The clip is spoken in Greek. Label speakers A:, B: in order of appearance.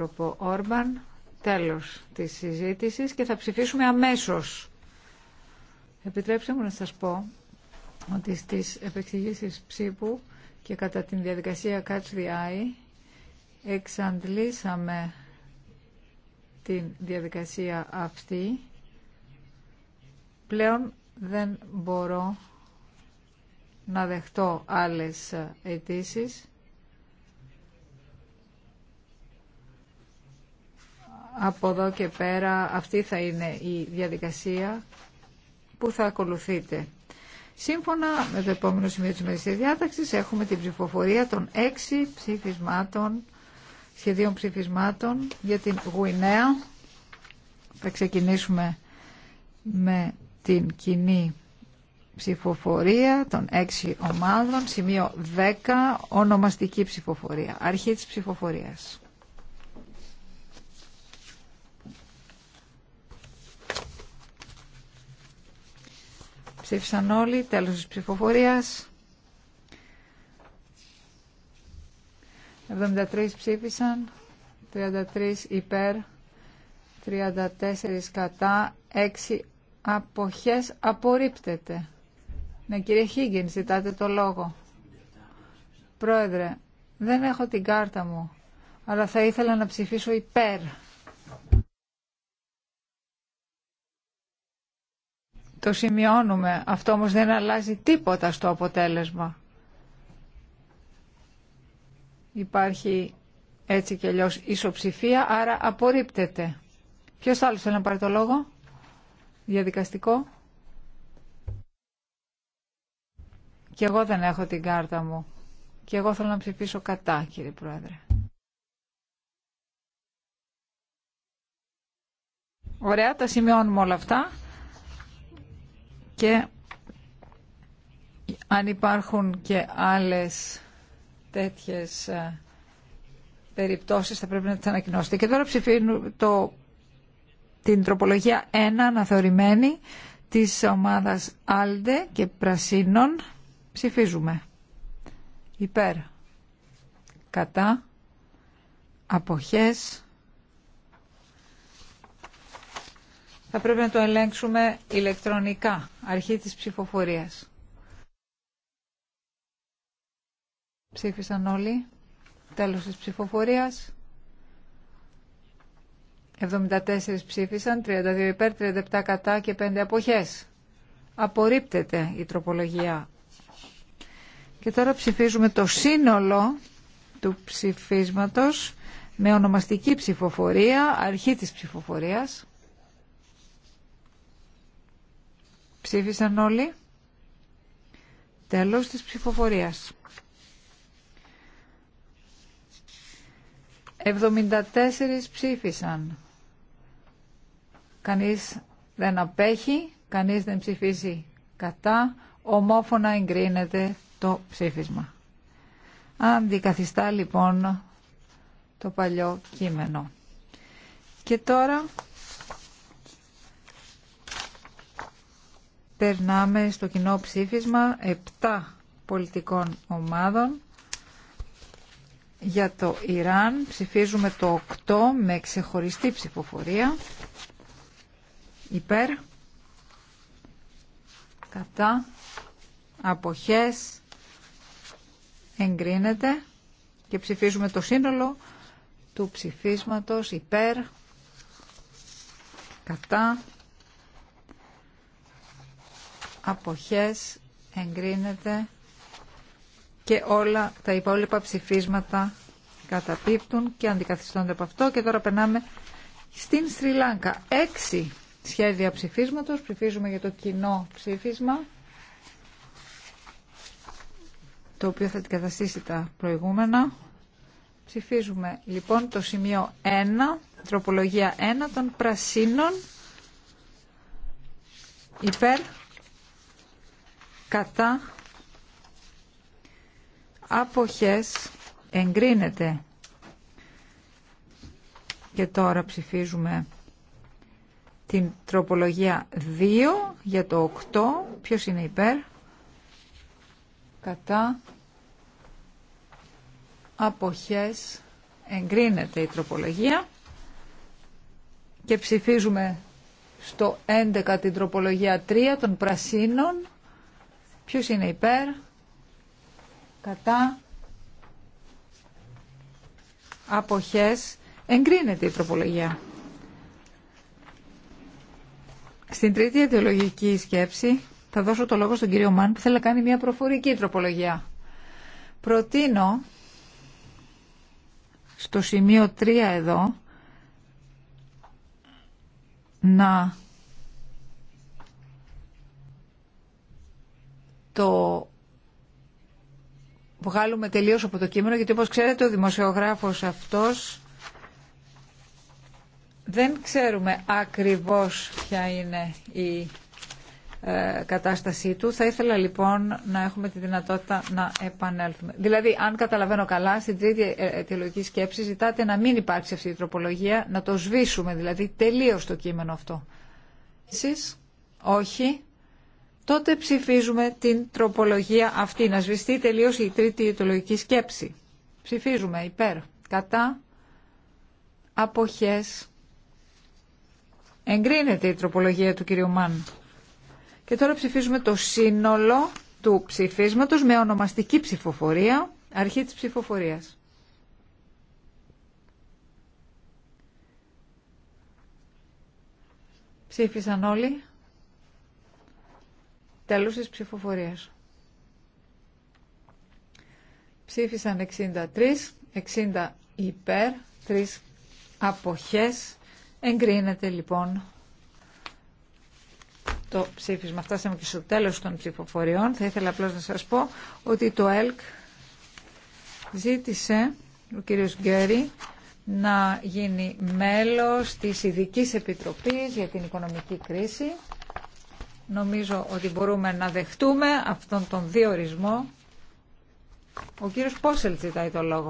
A: Επίτροπο Όρμπαν. Τέλος της συζήτησης και θα ψηφίσουμε αμέσως. Επιτρέψτε μου να σας πω ότι στις επεξηγήσεις ψήφου και κατά την διαδικασία Catch the Eye εξαντλήσαμε την διαδικασία αυτή. Πλέον δεν μπορώ να δεχτώ άλλες αιτήσει. από εδώ και πέρα αυτή θα είναι η διαδικασία που θα ακολουθείτε. Σύμφωνα με το επόμενο σημείο της μερικής διάταξης έχουμε την ψηφοφορία των έξι ψηφισμάτων, σχεδίων ψηφισμάτων για την Γουινέα. Θα ξεκινήσουμε με την κοινή ψηφοφορία των έξι ομάδων, σημείο 10, ονομαστική ψηφοφορία, αρχή της ψηφοφορίας. Ψήφισαν όλοι, τέλος της ψηφοφορίας. 73 ψήφισαν, 33 υπέρ, 34 κατά, 6 αποχές απορρίπτεται. Ναι, κύριε Χίγγιν, ζητάτε το λόγο. Πρόεδρε, δεν έχω την κάρτα μου, αλλά θα ήθελα να ψηφίσω υπέρ. Το σημειώνουμε. Αυτό όμως δεν αλλάζει τίποτα στο αποτέλεσμα. Υπάρχει έτσι και αλλιώς ισοψηφία, άρα απορρίπτεται. Ποιος άλλος θέλει να πάρει το λόγο? Διαδικαστικό. Και εγώ δεν έχω την κάρτα μου. Και εγώ θέλω να ψηφίσω κατά, κύριε Πρόεδρε. Ωραία, τα σημειώνουμε όλα αυτά και αν υπάρχουν και άλλες τέτοιες ε, περιπτώσεις θα πρέπει να τις ανακοινώσετε. Και τώρα ψηφίζουν το, την τροπολογία 1 αναθεωρημένη της ομάδας Άλντε και Πρασίνων. Ψηφίζουμε. Υπέρ. Κατά. Αποχές. Θα πρέπει να το ελέγξουμε ηλεκτρονικά, αρχή της ψηφοφορίας. Ψήφισαν όλοι. Τέλος της ψηφοφορίας. 74 ψήφισαν, 32 υπέρ, 37 κατά και 5 αποχές. Απορρίπτεται η τροπολογία. Και τώρα ψηφίζουμε το σύνολο του ψηφίσματος με ονομαστική ψηφοφορία, αρχή της ψηφοφορίας. Ψήφισαν όλοι. Τέλος της ψηφοφορίας. 74 ψήφισαν. Κανείς δεν απέχει, κανείς δεν ψηφίζει κατά. Ομόφωνα εγκρίνεται το ψήφισμα. Αντικαθιστά λοιπόν το παλιό κείμενο. Και τώρα Περνάμε στο κοινό ψήφισμα 7 πολιτικών ομάδων για το Ιράν. Ψηφίζουμε το 8 με ξεχωριστή ψηφοφορία. Υπέρ. Κατά. Αποχές. Εγκρίνεται. Και ψηφίζουμε το σύνολο του ψηφίσματος υπέρ. Κατά αποχές εγκρίνεται και όλα τα υπόλοιπα ψηφίσματα καταπίπτουν και αντικαθιστώνται από αυτό και τώρα περνάμε στην Στριλάνκα. Έξι σχέδια ψηφίσματος, ψηφίζουμε για το κοινό ψήφισμα το οποίο θα αντικαταστήσει τα προηγούμενα. Ψηφίζουμε λοιπόν το σημείο 1, τροπολογία 1 των πρασίνων υπέρ κατά αποχές εγκρίνεται και τώρα ψηφίζουμε την τροπολογία 2 για το 8 ποιος είναι υπέρ κατά αποχές εγκρίνεται η τροπολογία και ψηφίζουμε στο 11 την τροπολογία 3 των πρασίνων Ποιος είναι υπέρ, κατά, αποχές, εγκρίνεται η τροπολογία. Στην τρίτη αιτιολογική σκέψη θα δώσω το λόγο στον κύριο Μάν που θέλει να κάνει μια προφορική τροπολογία. Προτείνω στο σημείο 3 εδώ να το βγάλουμε τελείως από το κείμενο γιατί όπως ξέρετε ο δημοσιογράφος αυτός δεν ξέρουμε ακριβώς ποια είναι η ε, κατάστασή του. Θα ήθελα λοιπόν να έχουμε τη δυνατότητα να επανέλθουμε. Δηλαδή, αν καταλαβαίνω καλά, στην τρίτη ε, αιτιολογική σκέψη ζητάτε να μην υπάρξει αυτή η τροπολογία, να το σβήσουμε δηλαδή τελείως το κείμενο αυτό. Εσείς, όχι τότε ψηφίζουμε την τροπολογία αυτή. Να σβηστεί τελείως η τρίτη ιδεολογική σκέψη. Ψηφίζουμε υπέρ, κατά, αποχές. Εγκρίνεται η τροπολογία του κυρίου Μάν. Και τώρα ψηφίζουμε το σύνολο του ψηφίσματος με ονομαστική ψηφοφορία, αρχή της ψηφοφορίας. Ψήφισαν όλοι. Τέλος της ψηφοφορίας. Ψήφισαν 63, 60 υπέρ, 3 αποχές. Εγκρίνεται λοιπόν το ψήφισμα. Φτάσαμε και στο τέλος των ψηφοφοριών. Θα ήθελα απλώς να σας πω ότι το ΕΛΚ ζήτησε ο κύριος Γκέρι να γίνει μέλος της ειδική Επιτροπής για την Οικονομική Κρίση. Νομίζω ότι μπορούμε να δεχτούμε αυτόν τον διορισμό. Ο κύριος Πόσελ ζητάει το λόγο.